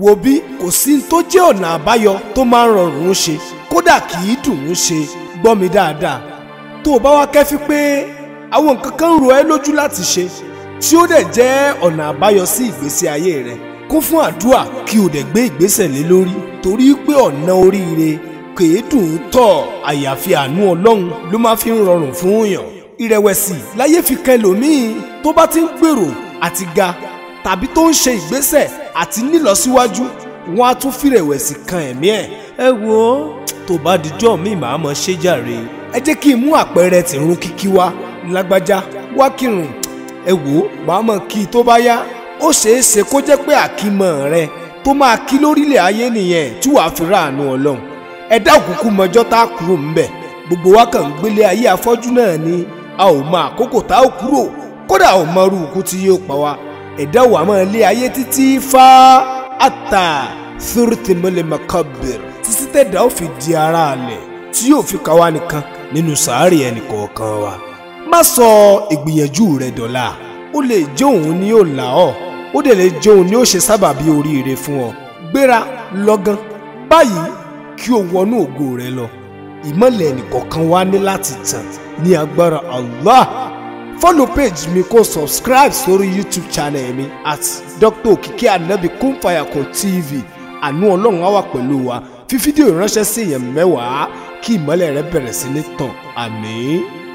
wò bí kò sí tó jẹ́ ọ̀nà àbáyọ tó máa ń rọrùn ún ṣe kódà kì í dùn ún ṣe gbọ́ mi dáadáa tó o bá wá kẹ́fí pé àwọn nǹkan kan ń ro ẹ́ lójú láti ṣe tí ó dẹ̀ jẹ́ ọ̀nà àbáyọ sí ìgbésí ayé rẹ kún fún àdúrà kí o dẹ̀ gbé ìgbésẹ̀ lé lórí torí pé ọ̀nà oríire kèé dùn ún tọ̀ àyàfi àánú ọlọ́run ló máa fi ń rọrùn fún yàn ìrẹ̀wẹ̀sì láyé fi kan ẹlòmíì tó bá ti ń gbèrò àti ga tàbí tó ń ṣe ìgbésẹ̀ àti nílọsíwájú wọn á tún fìrẹ̀wẹ̀sì kan ẹ̀mí ẹ̀ ẹ wò tó bá dijọ́ mi màá mọ̀ ṣe jàre ẹ jẹ́ kí n mú àpẹẹrẹ tìrun kíkí wá lágbájá wá kírun ẹ wò ó màá mọ̀ kí i tó bá yá ó ṣeé ṣe kó jẹ́ pé àkímọ̀ rẹ tó máa kí lórílẹ̀ ayé nìyẹn tí wàá fi ráàánú ọlọ́run ẹ̀dá òkùnkùn mọjọ́ tá a kúrò ńbẹ̀ gbogbo wa kàn ń gbélé ayé afọ́jú náà ni a ò mọ àkókò tá a ó kúrò kódà ò mọ irú tí yóò pa wá ẹ̀dá wà máa lé ayé títí fá àtà thurtimole makabir títí tẹ̀dá ó fi di ara alẹ̀ tí yóò fi káwa nìkan nínú sàárè ẹnì kọ̀ọ̀kan wa má sọ ìgbìyànjú rẹ dọ̀la ó lè jẹ́ òun ni yóò là ọ́ ó dẹ̀ lè jẹ́ òun ni yóò ṣe sábàbí oríire fún ọ gbéra lọ́gán báyìí kí o wọnú ògo rẹ lọ ìmọ̀lẹ̀ ẹnì kọ̀ọ̀kan wa ní láti tàn ní agbára Allah follow page mi ko subscribe sórí youtube channel mi at dr òkìkí anabi kunfayakun tv àánú ọlọ́run á wà pẹ̀lú wa fi fídíò ìránṣẹ́ sí èèyàn mẹ́wàá kí ìmọ́lẹ̀ rẹ bẹ̀rẹ̀ sí ní tàn àmín.